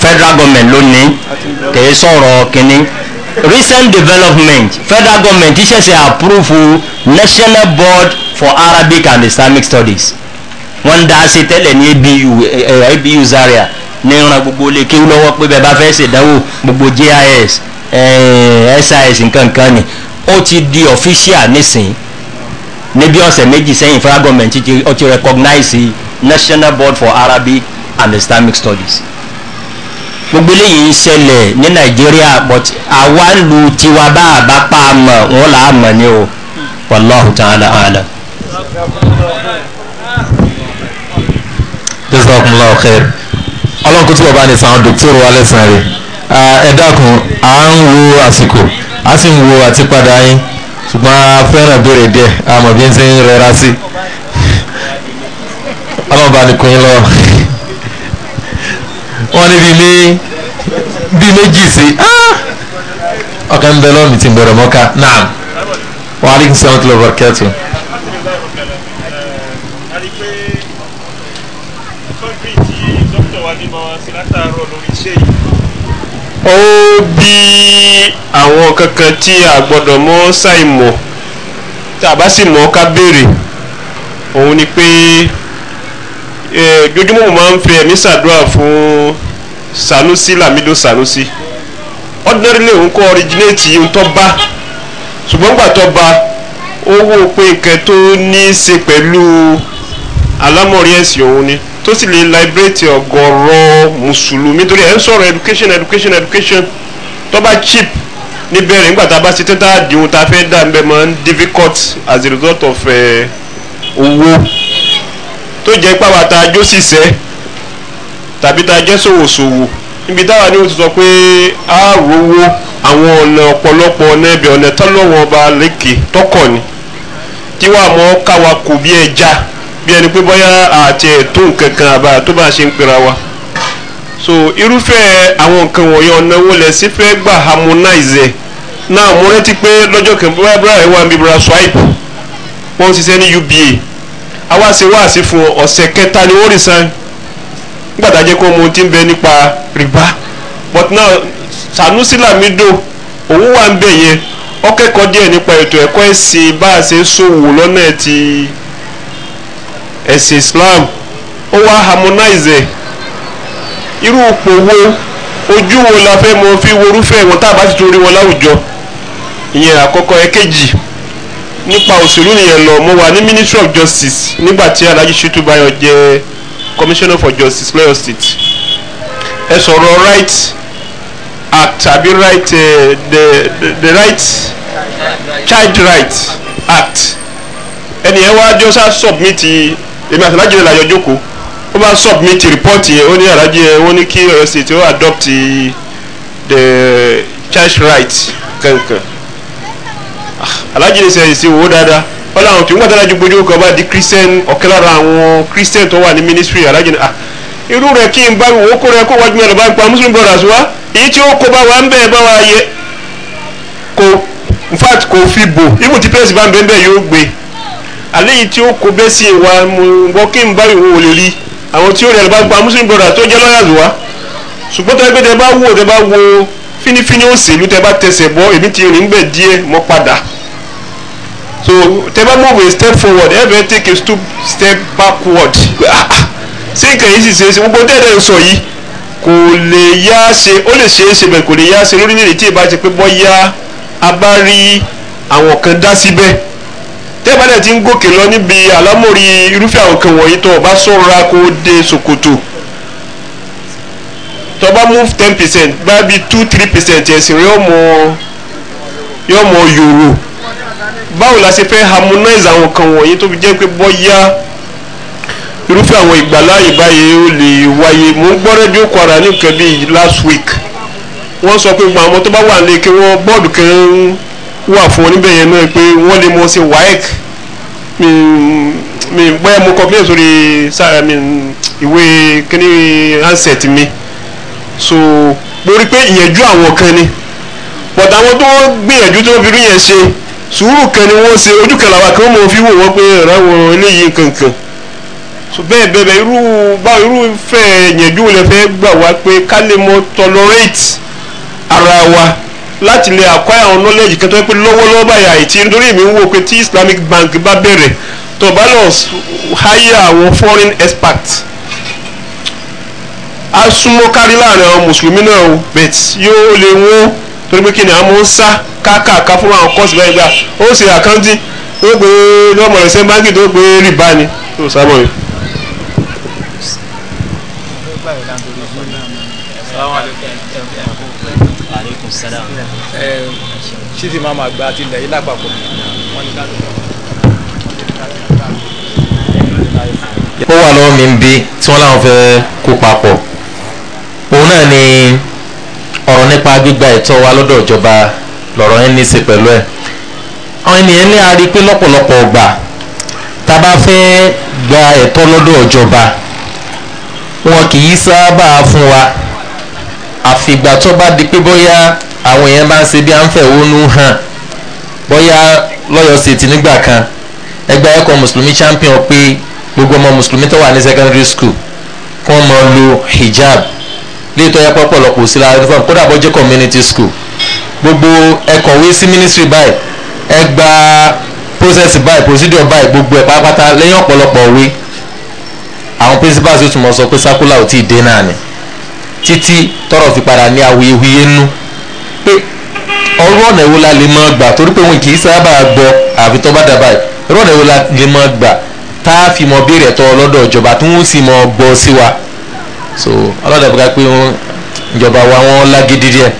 federal government ló ní kìí sọ̀rọ̀ kínní recent development federal government ṣẹ̀ṣẹ̀ approve national board for arabic and islamic studies wọ́n ń da ṣe tẹ́lẹ̀ ní abu ẹ̀ eh, eh, abu zaria ní ìran gbogbo lè kéwú lọ́wọ́ pé bẹ́ẹ̀ bá fẹ́ ṣèdánwò gbogbo jis eh, sis nkankan ni ó ti di official nísìnyí níbi ọ̀sẹ̀ méjì sẹ́yìn federal government ti ti recognize national board for arabic and islamic studies gbogbo eléyìí ń ṣẹlẹ̀ ní nàìjíríà but àwa ń lu tiwa bá a bá pa àmọ̀ wọn là á mọ̀ ni o wàláhùn tàn án àlà. jazakumullahu khair ọlọ́run kó túbọ̀ bá ní sàn dókítà wa lẹ́sàn-án rẹ̀ ẹ dákun à ń wo àsìkò a sì ń wo àti padà yín ṣùgbọ́n a fẹ́ràn béèrè díẹ̀ àmọ́ bí n ṣe ń rẹra sí ọlọ́run bá ní kun yín lọ wọ́n ní bíi bíi méjì sí ah! ọkàn ń bẹ lọ́ọ̀mì tí ń bẹ̀rẹ̀ mọ́ká náà wàhálà ìṣẹ́ wọn ti lọ bọ̀rọ̀ kẹ́tù. kọ́ńtì tí dókítà wa ní bá wa sí látàárọ̀ lórí iṣẹ́ yìí. ó bí àwọn kankan tí a gbọ́dọ̀ mọ̀ ṣàìmọ̀ a bá sì mọ̀ ká béèrè òun ni pé jojúmọ́ mo máa ń fi ẹ̀mí ṣàdúrà fún Sanusi Lamido Sanusi ordinarily òun kọ́ originate ohun tó bá ṣùgbọ́n gbà tó bá ó wò pé nǹkan tó ní í ṣe pẹ̀lú alámọ̀rí ẹ̀sìn òun ni tó sì lè liberate ọ̀gọ̀rọ̀ mùsùlùmí torí ẹ̀ ń sọ̀rọ̀ education education education tó bá cheap níbẹ̀rẹ̀ nígbà tá a bá ṣe tán tá a di ohun tá a fẹ́ dà níbẹ̀ máa ń difficult as a result of eh, owó tó jẹ́ pàwọ́ tá a jó ṣiṣẹ́ tàbí tá jẹ́ ṣòwòṣòwò níbi táwa ní o ti sọ pé a rówó àwọn ọ̀nà ọ̀pọ̀lọpọ̀ ọ̀nà ẹ̀bẹ̀ ọ̀nà tọ́lọ́wọ́n ọba lékè tọkọ̀ ni kí wàá mọ́ káwa kò bí ẹja. E bí ẹni pé àti ẹ̀tún kankan àbá tó bá ṣe ń pera wa so irúfẹ́ àwọn nǹkan wọ̀nyẹn ọ̀nà wo lẹ̀ sí fẹ́ gbà harmonize náà mo rántí pé lọ́jọ́ kan bóyá ẹ̀ wà swipe wọ́n ń ṣiṣẹ́ uba fún ọ̀sẹ̀ kẹta ni san jẹ́ rìbá but now Sanusi Lamido òun wà ń bẹ̀ yẹn ó kẹ́kọ̀ọ́ díẹ̀ nípa ètò ẹ̀kọ́ ẹ̀sìn bá a ṣe ń ẹ̀sìn islam ó wá harmonize ẹ̀ e. irú ipò wo ojú wo la fẹ́ mọ fi worúfẹ́ wọn tá a bá ti tún rí wọn láwùjọ ìyẹn àkọ́kọ́ ẹ̀kejì nípa òṣèlú nìyẹn lọ mo wà ní ministry of justice nígbà tí alhaji shitu bayo jẹ commissioner for justice Lawyer state ẹ sọ̀rọ̀ right act tàbí right uh, eh, the, the, the right child right act ẹnìyẹn wá jọ́sà submit èmi àti alájẹ la yọjú kó ó bá submit report yẹn ó ní alájẹ wọ́n ní kí Ọ̀yọ́ state ó adopt the church right kankan ah, alájẹ ní sẹ́yìn sí owó dáadáa wọ́n láwọn tí wọ́n gbàdá lájú gbójú kan bá di christian ọ̀kẹ́ lára àwọn christian tó wà ní ministry alájẹ ní ah irú rẹ̀ kí n bá wò ó kó rẹ̀ kó wájú mi ọ̀nà bá ń pa muslim brothers wá èyí tí ó kó bá wa ń bẹ̀ bá wa yẹ kò in fact kò fi bò ibùdó pẹ́ẹ́sì bá ń bẹ́ẹ̀ yóò gbé àléyìn tí ó kó bẹ́ẹ̀ sí ìwà mọ̀ kí n bá ìwọ òlè rí àwọn tí ó rẹ̀ bá gba muslim brother tó jẹ́ lọ́yà lùwá ṣùgbọ́n tẹ́ pé tẹ́ bá wò tẹ́ bá wo fínífíní òṣèlú tẹ́ bá tẹsẹ̀ bọ́ èmi ti rìn gbẹ̀ díẹ̀ mọ́ padà so tẹ́ bá move a step forward ẹ bẹ́ẹ̀ take a step backward ah, ah, ṣé nǹkan yìí sì ṣe é ṣe gbogbo tẹ́lẹ̀ sọ yìí kò lè yá ṣe ó lè ṣe é ṣe bẹ́ẹ̀ kò lè yá ṣe lórílẹ̀‐èdè tí ì bá ṣe pé bọ́ yá a àwọn kan dá síbẹ̀ tẹ́gbàdà ti ń gòkè lọ níbi àlámọ̀rí irúfẹ́ àwọn kan wọ̀nyí tó o bá sọ̀rọ̀ kó o dé ṣòkòtò tó o bá move ten percent bá bi two three percent ẹ̀sìn rẹ̀ ọmọ yọmọ yòrò báwo la ṣe fẹ́ harmonize àwọn kan wọ̀nyí tó fi jẹ́ pé bọ́yá irúfẹ́ àwọn ìgbàláyè báyìí ó lè wáyé mò ń gbọ́ rédíò Kwara ní nǹkan bíi last week wọ́n sọ pé gbogbo àwọn tó bá wà ní kí wọ́n bọ́ọ̀dù kan ń wà fún oníbẹ̀ yẹn náà pé wọ́n lè mọ̀ ṣe waec mi bẹ́ẹ̀ mo complain sórí ìwé kíní handset mi so mo rí i pé ìyẹ̀jú àwọn kan ni but àwọn tó gbìyànjú tó fi rí yẹn ṣe sùúrù kan ni wọ́n ṣe ojú kan làwọn kan mọ̀ fi wò wọ́n pé ọ̀rẹ́ wọn eléyìí kankan so bẹ́ẹ̀ bẹ́ẹ̀ bẹ́ẹ̀ irú bá irú fẹ́ yẹ̀jú lẹ fẹ́ gbà wá pé ká lè mọ tolerate ara wa. láti lè acquire our knowledge kan tó yẹ pé lọ́wọ́lọ́wọ́ báyìí àìtí nítorí mi Islamic Bank bá bẹ̀rẹ̀ tó bá lọ hire àwọn foreign experts a súnmọ́ kárí láàrin àwọn mùsùlùmí náà o bet yóò lè wọ́n torí pé kí ni àwọn ń sá kákàká fún àwọn kọ́ọ̀sì báyìí gbà ó ṣe àkáǹtì ó gbé báńkì tó gbé rìbá gbà yọ̀ láńtorí ìlú náà. aleykum salaam. ṣíṣì máa ma gba àti ilẹ̀ yìí lápapọ̀ wọ́n ní ká ló fẹ́ ó wà lọ́wọ́ mi ń bí tí wọ́n láwọn fẹ́ kó papọ̀ òun náà ni ọ̀rọ̀ nípa gbígba ẹ̀tọ́ wa lọ́dọ̀ ìjọba lọ̀rọ̀ yẹn ní í ṣe pẹ̀lú ẹ̀ àwọn ènìyàn ní a rí i pé lọ́pọ̀lọpọ̀ ọgbà tá a bá fẹ́ gba ẹ̀tọ́ lọ́dọ̀ ìjọba wọn kì í sábà fún wa àfìgbà tó bá di pé bóyá àwọn èèyàn bá ń ṣe bí à ń fẹ̀hónú hàn bóyá lọ́yọ̀ state nígbà kan ẹgbẹ́ ẹ̀kọ́ mùsùlùmí champion pé gbogbo ọmọ mùsùlùmí tó wà ní secondary school kí wọ́n máa lo hijab léètọ́ yẹ pọ́pọ́lọpọ̀ sí lára uniform kódà bọ́jẹ́ community school gbogbo ẹ̀kọ́wé sí ministry báyìí ẹgbàá process báyìí procedure báyìí gbogbo ẹ̀ pátápátá lẹ́yìn ọ̀pọ̀lọpọ̀ òwe principals yóò tún mọ sọ pé sákúlà ò tí ì dé náà ni títí tọrọ fi padà ní awuyewuye nú pé ọrú ọ̀nà èwo la lè mọ gbà torí pé wọn kì í sábà gbọ́ àfi tó bá dábàá irú ọ̀nà èwo la lè mọ gbà tá a fi mọ béèrè ẹ̀tọ́ ọlọ́dọ̀ ìjọba tó ń sì mọ gbọ́ sí wa so ọlọ́dọ̀ bí ká pé wọn ìjọba wa wọn lágídí díẹ̀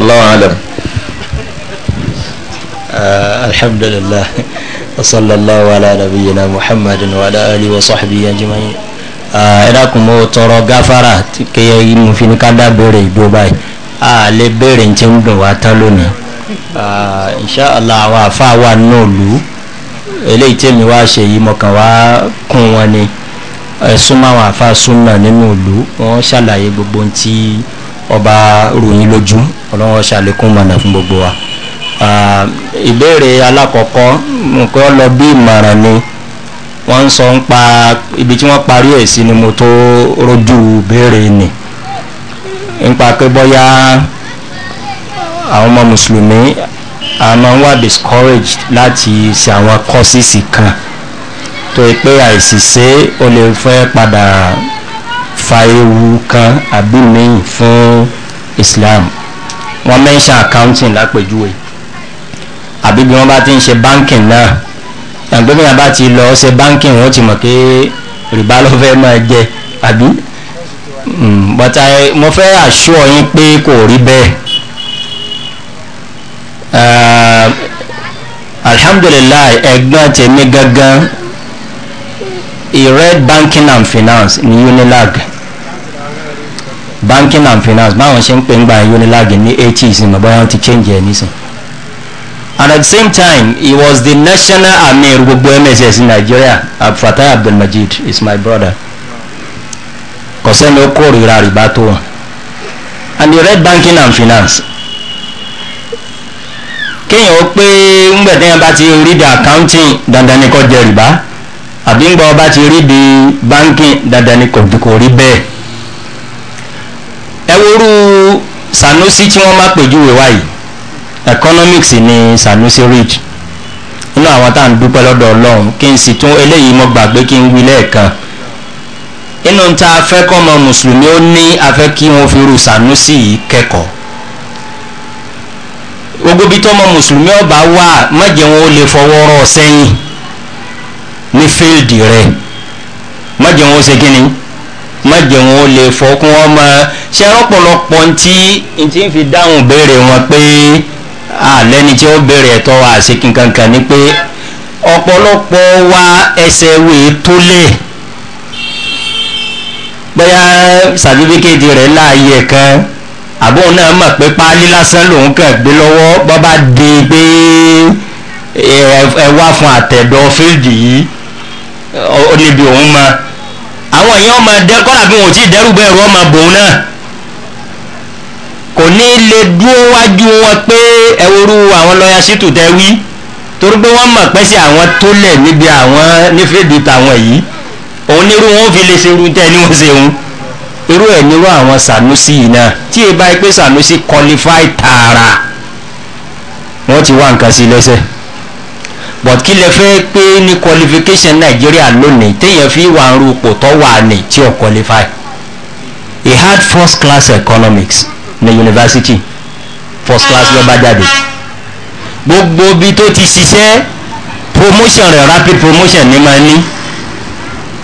Allahu alam. Ah, alhamdulillah wa sallallahu ala nabiyyina muhammadin wa ala wa sahbihi ajma'in ẹ̀dàkùn mo tọrọ gáfárà kéye mo fi ní ká dá béèrè ìdó báyìí a lè béèrè tí ń dùn wá tán lónìí inṣàlá àwọn àfáà wà náà lù ú eléyìí tí èmi wá ṣe yìí mọ̀kàn wá kún wọn ni súnmọ́ àwọn àfáà súnmọ́ nínú ìlú wọ́n ṣàlàyé gbogbo ohun tí ọba ròyìn lójú ọlọ́wọ́ ṣàlékún mọ̀nà fún gbogbo wa ìbéèrè alákọ̀ọ́kọ́ nǹkan lọ bí ìmọ̀ràn ni wọ́n ń sọ ń pa ibi tí wọ́n parí ẹ̀ sí ni mo tó rojú béèrè nì nípa pé bóyá àwọn ọmọ mùsùlùmí a máa ń wà discouraged láti ṣe àwọn kọ́sìsì kan tó yẹ pé àìsísé o lè fẹ́ padà fa ewu kan àbí míì fún Islam wọ́n mẹ́ńṣà accounting lápèjúwe àbí bí wọ́n bá ti ń ṣe banking náà àgbẹ̀bẹ̀yàn bá ti lọ ṣe báńkì wọn ti mọ̀ pé rìbá ló fẹ́ máa jẹ àbí hmm, bọ́tà mo fẹ́ àṣọ yín pé kò rí bẹ́ẹ̀ uh, alhamdulilayi ẹgbọn tèmi gangan red banking and finance ní unilag banking and finance báwọn ṣe ń pè ń gba unilag ní eighties ní bọ́yá wọn ti change ẹ̀ nísìnyí and at the same time he was the national amir gbogbo mss in nigeria abdulfatah abdulmajid is my brother kò sẹ́ni ó kórìíra rìbá tó wọn and the red banking and finance kéèyàn ó pé ńgbẹ̀ téèyàn bá ti rí di accounting dandan ni kò jẹ rìbá àbí ńgbà ọba ti rí the banking dandan ni kò rí bẹ́ẹ̀ ẹ worú sanusi tí wọ́n má pèjúwe wáyìí economics ni sanusi reed nínú àwọn tá à ń dúpẹ́ lọ́dọ̀ ọlọ́run kí n sì tún eléyìí mo gbàgbé kí n wí lẹ́ẹ̀kan nínú tá a mùsùlùmí ó ní afẹ́ kí wọ́n fi ru sanusi yìí kẹ́kọ̀ọ́ gbogbo bí tọ́mọ mùsùlùmí ọba wà mọ̀jẹ̀ wọn ó lè fọwọ́ rọ̀ sẹ́yìn ní fíìlì rẹ̀ mọ̀jẹ̀ wọn ó ṣe kínní mọ̀jẹ̀ wọn ó lè fọkún ọmọ ṣe rọpọlọpọ ntí ntí fi dáhùn béèrè wọn pé. àlẹ́ni tí ó bèrè ẹ̀tọ́ wa àṣekí kankan ni pé ọ̀pọ̀lọpọ̀ wa ẹsẹ̀ wè tó lẹ̀ bóyá sàbíbíkéèdì rẹ̀ láàyè kan àbóun náà mọ̀ pé páálí lásán lòun kàn gbé lọ́wọ́ bọ́ bá di pé ẹ wá fún àtẹ̀dọ̀ fíìdì yìí ó níbi òun mọ àwọn èèyàn ọmọ dẹ́kọ́lá bí wọn ò tí ì dẹ́rù bẹ́ẹ̀ rú ọmọ bòun náà ní lè dúró wájú wọn pé ẹwúrú àwọn lọ́yà sítù tẹ́ wí torí pé wọ́n mọ̀ pẹ́ sí àwọn tó lẹ̀ níbi àwọn nífẹ̀ẹ́dù tàwọn yìí òun nírú wọn fi lè ṣerú tẹ́ ni wọ́n ṣe òun irú ẹ̀ nírú àwọn sanusi yìí náà tí e báyìí pé sanusi qualify tààrà wọ́n ti wá nǹkan sí lẹ́sẹ̀ but kí lẹ fẹ́ pé ní qualification nàìjíríà lónìí téèyàn fi wà ń ru ipò tó wà ní tí ò qualify a hard first class economics ní yunifásitì first class ló bá jáde gbogbo bí tó ti ṣiṣẹ́ promotion rẹ̀ rapid promotion ni máa ní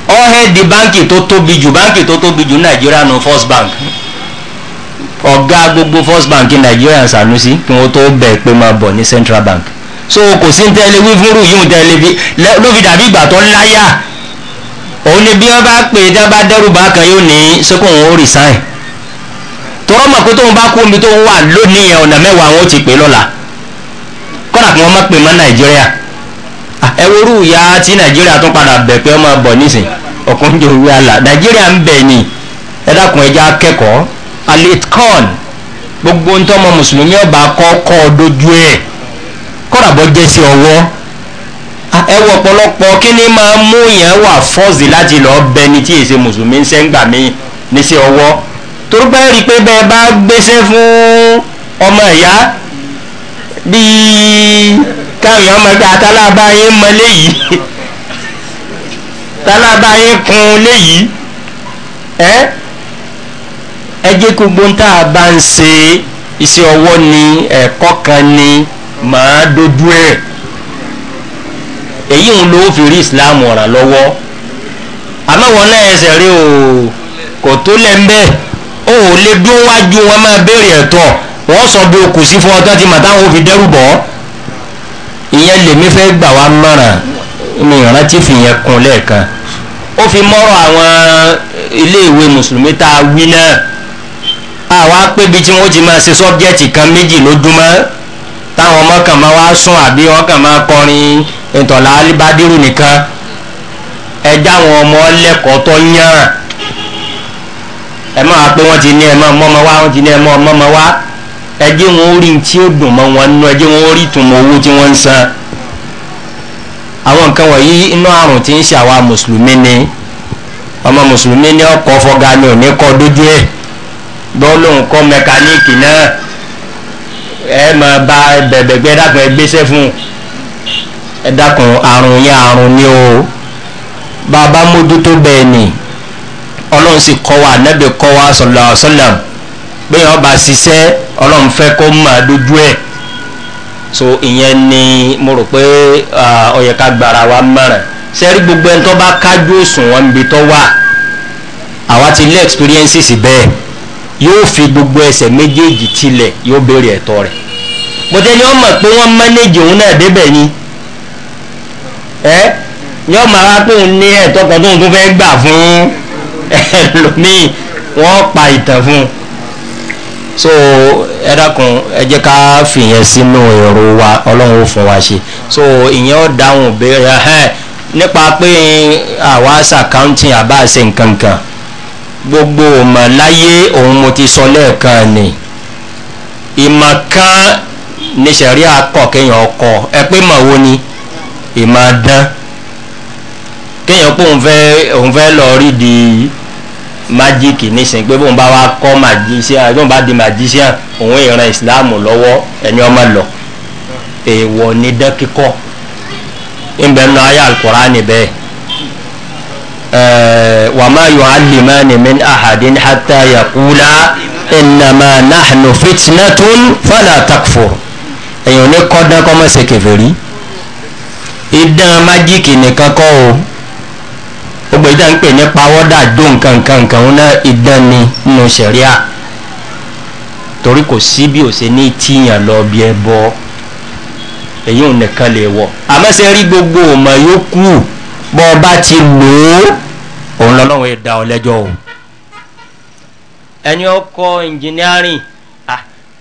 ọ̀hẹ́dì báńkì tó tóbi jù báńkì tó tóbi jù nàìjíríà nù first bank ọ̀gá gbogbo first bank nàìjíríà Sanusi kí wọ́n tó bẹ̀ pé máa bọ̀ ní central bank so kò sí tẹ́lẹ̀ wí fúnrú yìí tẹ́lẹ̀ fi ló fi dàbí ìgbà tó láyà òun ni bí wọ́n bá pè é tí wọ́n bá dẹ́rù bá kan yóò ní sókòwò ó resign tọrọ mọ̀ pé tóun bá kú omi tó wà lónìí ọ̀nà mẹ́wàá wọn ó ti pè lọ́la kọ́dà kí wọ́n má pè mọ́ nàìjíríà ẹ worú ìyá tí nàìjíríà tún padà bẹ̀ pé ọmọ bọ̀ nísìn ọ̀kan jò wí àlà nàìjíríà ń bẹ̀ ni ẹ dákun ẹja akẹ́kọ̀ọ́ alitcon gbogbo ń tọ́mọ mùsùlùmí ọba kọ́kọ́ dojú ẹ̀ kọ́dà bọ́ jẹ́ sí ọwọ́ ẹ wọ ọ̀pọ̀lọpọ̀ kí ni máa mú yẹn wà fọ́ọ̀sì láti lọ́ọ́ bẹni tí èsè mùsùlùmí ń sẹ́ńgbà mí ní sí ọwọ́ torúpẹ́ rí i pé bẹ́ẹ̀ bá gbéṣẹ́ fún ọmọ ìyá bíi táwọn èèyàn máa gba tálábà yín mọ léyìí tálábà yín kun léyìí ẹ ẹ jẹ́ kó gbóńtà bá ń ṣe iṣẹ́ ọwọ́ ni ẹ̀kọ́ kan ni màá dojú ẹ̀ èyí ń lo òfin rí islam ọ̀ràn lọ́wọ́ àmọ́ wọn náà ẹsẹ̀ rí o kò tó lẹ́ o ò lè dún wájú wọn máa béèrè ẹ̀tọ́ wọ́n sọ bí okùn sí fún ọtọ́ tí ò fi dẹ́rù bọ́ ìyẹn lèmi fẹ́ gbà wá mọ̀ràn mi fi kun lẹ́ẹ̀kan ó fi mọ́rọ̀ àwọn iléèwé mùsùlùmí tá a wí náà àwa pébi tí ti máa ṣe sọ́bjẹ́tì kan méjì lójúmọ́ táwọn ọmọ kan máa wá sùn àbí wọ́n kan máa kọrin ìtọ̀lá alibadiru nìkan ẹ ọmọ lẹ́kọ̀ọ́ tó ẹ máa pé wọ́n ti ní ẹ mọ́ ọmọ wá wọ́n ti ní ẹ mọ́ ọmọ wá ẹjẹ́ wọn ó rí tí ó dùn mọ́ wọn nú wọn rí tí wọn ń san àwọn nǹkan wọ̀nyí inú àrùn tí ń ṣe àwa mùsùlùmí ni ọmọ mùsùlùmí ni ọkọ kọ́ dójú ẹ̀ bọ́ lóun kọ́ náà ẹ máa bá bẹ̀bẹ̀ fún ẹ dákun àrùn yẹn ni o bàbá mójútó bẹ́ẹ̀ ọlọ́run sì kọ́ wa anábì kọ́ wa sallallahu alaihi wasallam bí wọ́n bá ṣiṣẹ́ ọlọ́run fẹ́ kó máa dojú ẹ̀ so ìyẹn ni mo rò pé ó yẹ ká gbára wa mọ̀ràn sẹ́rí gbogbo ẹni tó bá kájú wọn níbi tó wà àwa ti lé experiences bẹ́ẹ̀ yóò fi gbogbo ẹsẹ̀ méjèèjì tilẹ̀ yóò béèrè ẹ̀tọ́ rẹ̀ Mo bọ́tẹ́ ni wọ́n mọ̀ pé wọ́n mánéjì òun náà débẹ̀ ni ẹ́ ni wọ́n máa wá pé òun ní ẹ̀tọ́ kan tóun tún fẹ́ gbà fún ẹlòmíì wọ́n pa ìtàn fún un so ẹ dákun ẹ jẹ́ ká fìyẹn sínú èrò wa ọlọ́run ó fún wa ṣe so ìyẹn ó dáhùn béèrè ẹ nípa pé àwa ṣàkántìn àbá ṣe nǹkan kan gbogbo ọmọ láyé òun mo ti sọ lẹ́ẹ̀kan ni ìmọ̀ kan ní sẹ̀rí akọ̀ kéèyàn ọkọ̀ ẹ pé mọ̀ wo ni ìmọ̀ dán kéèyàn pé òun fẹ́ òun fẹ́ lọ rí di májíìkì nísìnyí pé bóun bá wá kọ́ magician bóun bá di magician òun ìran ìsìláàmù lọ́wọ́ ẹni ọmọ lọ èèwọ̀ ní dán kíkọ́ ńbẹ nù ayé alukóra níbẹ̀ wàmá yọ alimani min ahadin hata yakula innama nahnu fitnatun fala takfur èèyàn ní kọ́ dán kọ́ mọ́ ṣe kẹfẹ́ rí idán májíìkì nìkan kọ́ o gbogbo ìdá ń pè ní pawọ́dà dó nǹkan nǹkan nǹkan òun náà idán ni nínú sẹ̀ríà torí kò sí bí ó ṣe ní tíyàn lọ bí ẹ bọ èyí ò nìkan lè wọ àmọ́ ṣe rí gbogbo ọmọ yòókù bọ́ ọ bá ti lò ó òun lọ́lọ́run ẹ̀ ọ lẹ́jọ́ o ẹni ọkọ engineering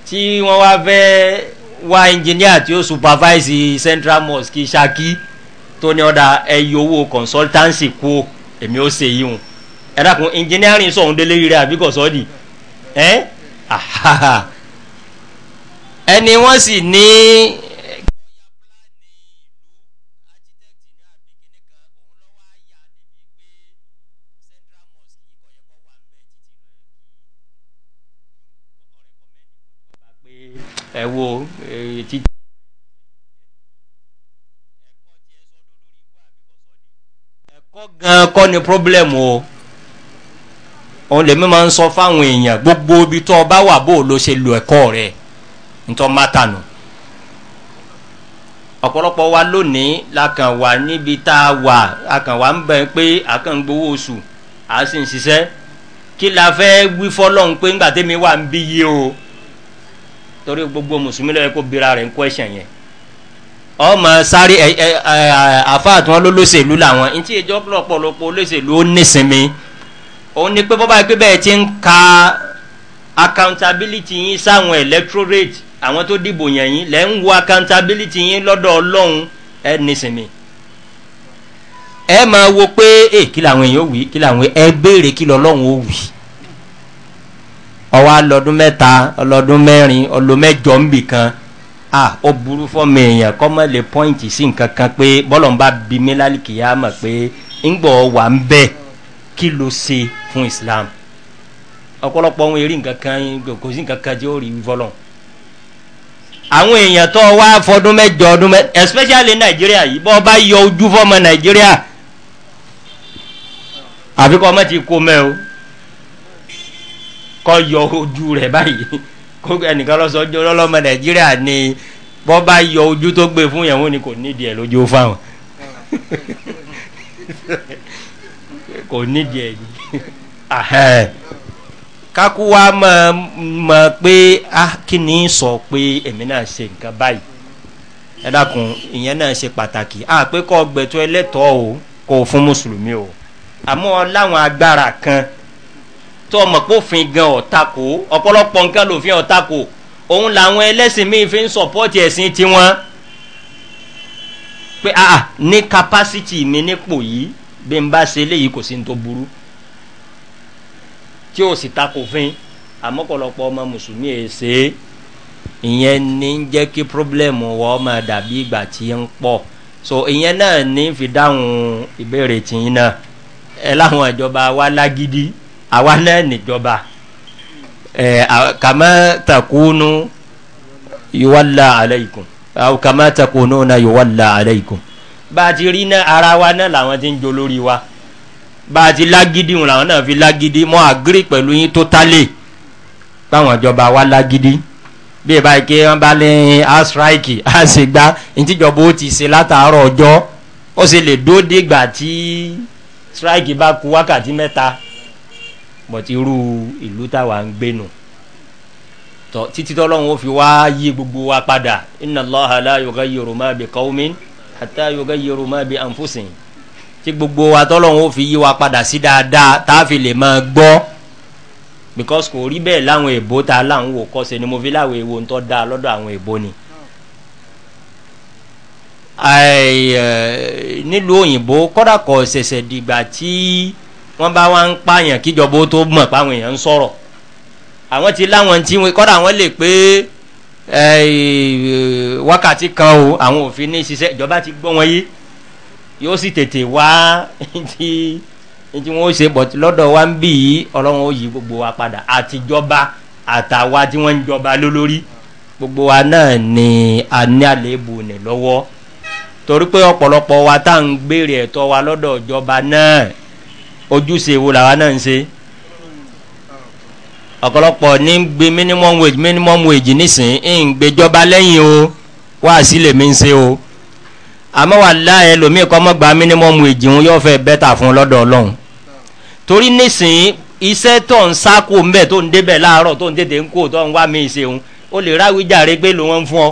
tí wọ́n wá fẹ́ wá engineer tí ó supervise central mosque Ṣakí tó ní ọ̀dà ẹ̀yọ owó consultancy kú o èmi ó ṣe yíhun ẹ dákun engineering sọ̀hún délé rí rẹ àbí kò sọ́ di ẹ́ ẹni wọ́n sì ní. kọ́ ni problem o òun lèmi máa ń sọ fáwọn èèyàn gbogbo ibi tó o bá wà bó o ló ṣe lo ẹ̀kọ́ rẹ nítorí mátà nù ọ̀pọ̀lọpọ̀ wa lónìí la kàn wà níbi tá a wà a kàn wà ń bẹ̀ pé a kàn ń gbowó oṣù a sì ń ṣiṣẹ́ kí la fẹ́ wí fọlọ́n pé ńgbà tẹ́mi wà ń bí yé o torí gbogbo mùsùlùmí lọ́yẹ kó bira rẹ̀ ń kọ́ ẹ̀ṣẹ̀ yẹn ọmọ sáré ẹ ẹ ẹ àfáàtún wọn lólóṣèlú làwọn ntí ìjọ pọlọpọlọpọ olóṣèlú ó nísinmi òun ni pé bọ́bá yìí pé bẹ́ẹ̀ ti ń ka accountability yín sáwọn electorate àwọn tó dìbò yẹn yín lẹ́ ń wo accountability yín lọ́dọ̀ ọlọ́run ẹ nísinmi ẹ máa wo pé ẹ kí làwọn èèyàn wí kí làwọn ẹ béèrè kí lọ́lọ́run ó wì ọwọ́ alọ́dún mẹ́ta ọlọ́dún mẹ́rin ọlọ́mẹ́jọ ń bì kan à ah, ó burú fọ́mọ èèyàn kọ́mọ lè pọ́ìntì sí nǹkan kan pé bọ́lọ̀ ń bá bí mi lálìkì yá mọ̀ pé ńgbọ̀ wà ń bẹ̀ kí ló ṣe fún islam ọ̀pọ̀lọpọ̀ ohun eré nǹkan kan kò sí nǹkan kan tí ó rí fọlọ́n àwọn èèyàn tó wá fọdún mẹ́jọ ọdún mẹ́jọ especially nàìjíríà yìí bọ́ bá yọ ojú fọ́mọ nàìjíríà àfikọ́ ọmọ ti kó mẹ́ o kọ́ yọ ojú rẹ̀ báyìí kókò ẹnìkan lọ́sọ ọjọ́ lọ́lọ́mọ nàìjíríà ni bọ́ bá yọ ojú tó gbé fún yẹn wọ́n ni kò nídìí ẹ̀ lójú fáwọn kò nídìí ẹ̀ yìí kákú wa mọ̀ mọ̀ pé kí ni sọ pé èmi náà ṣe nǹkan báyìí ẹ dákun ìyẹn náà ṣe pàtàkì a pé kọ́ gbẹ̀tọ́ ẹlẹ́tọ̀ọ́ o kò fún mùsùlùmí o àmọ́ láwọn agbára kan tó ọmọ pófin gan ọ̀ta kò ọ̀pọ̀lọpọ̀ nǹkan lòfin ọ̀ta kò òun làwọn ẹlẹ́sìn míì fi ń sọ̀pọ́tì ẹ̀sìn tiwọn pé a ní kapásítì mi nípò yìí bí n bá ṣe eléyìí kò sí ní tó burú tí o sì ta kò fin àmọ́pọ̀lọpọ̀ ọmọ mùsùlùmí ẹ̀ ṣe é ìyẹn ní ń jẹ́ kí pírọ́blẹ́mù wọ́n máa dàbí ìgbà tí ń pọ̀ so ìyẹn náà ní fi dáhùn ìbéèrè tìyín náà ẹ láwọn ìjọba wa lágídí. La àwa náà níjọba kàmá takunu yuwalla aleikum àwọn kàmá takunu na yuwalla aleikum bá a ti rí náà ara wa náà làwọn ti ń jo lórí wa bá a ti lágídí wọn fi lágídí mọ́ àgírí pẹ̀lú yín tó tálè báwọn wa lágídí bí báyìí kí wọn bá lé astrike àṣegbá ntíjọba ó ti ṣe látàárọ̀ ọjọ́ ó sì lè dó dégbà tí bá ku wákàtí mẹ́ta bọ̀tí irú ìlú táwa ń gbénu tọ títí tọ́lọ́run ó fi wá yí gbogbo wa padà inna Allaha la yughayyiru ma bi qawmin hatta yughayyiru ma bi anfusihim tí gbogbo wa tọ́lọ́run ó fi yí wa padà sí dáadáa tá lè máa gbọ́ because kò rí bẹ́ẹ̀ láwọn èbó ta láwọn wò kọ́ sẹ́ni mo fi láwọn èwo ń da lọ́dọ̀ àwọn èbó ni. nílùú òyìnbó kọ́dà kọ́ ṣẹ̀ṣẹ̀ dìgbà tí wọ́n bá wá ń pààyàn kíjọba ó tó mọ̀ páwọn èèyàn ń sọ̀rọ̀ àwọn ti láwọn tí wọn kọ́dà wọ́n lè pé wákàtí kan o àwọn òfin ní ṣiṣẹ́ ìjọba ti gbọ́ wọn yí yóò sì tètè wá ti tí wọn ó ṣe bọ̀ lọ́dọ̀ wa ń bì yí ọlọ́run ó yí gbogbo wa padà àtijọba àtàwa tí wọ́n ń jọba lólórí gbogbo wa náà ni a ní àléébù ní lọ́wọ́ torí pé ọ̀pọ̀lọpọ̀ wa tá à ń gbèrè ẹ̀tọ́ wa lọ́dọ̀ ìjọba náà ojúṣe wo làwa náà ń ṣe ọ̀pọ̀lọpọ̀ ní gbé minimum wage minimum wage nísìn ń gbéjọba lẹ́yìn o wá sí lèmi ń ṣe o àmọ́ wà láàyè lomi kọ́ mọ́ gba minimum wage òun yóò fẹ́ bẹ́tà fún lọ́dọ̀ ọlọ́run torí nísìn iṣẹ́ tó ń sáko ńbẹ tó ń débẹ̀ láàárọ̀ tó ń tètè ń kó tó ń wá mi ṣeun o lè ráwí jàre pé ló ń fún ọ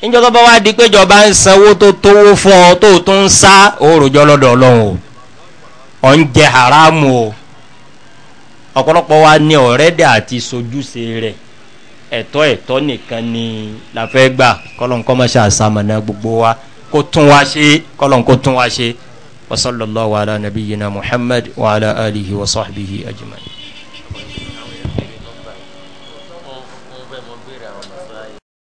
níjọ́ wá di pé ìjọba ń sanwó tó tówó fún ọ tó tún ń sá òòrùjọ́ lọ́dọ̀ ọlọ́run o ọ̀ ń jẹ haramu o ọ̀pọ̀lọpọ̀ wa ní ọ̀rẹ́dẹ̀ àti sojúṣe rẹ̀ ẹ̀tọ́ ẹ̀tọ́ nìkan ni la fẹ́ gbà kọ́lọ́n kọ́ mọ́ṣá àsàmọ̀nà gbogbo wa kó tún wa ṣe kọ́lọ́n kó tún wa ṣe wa sallallahu ala nabiyyina muhammad wa ala alihi wa sahbihi ajma'in.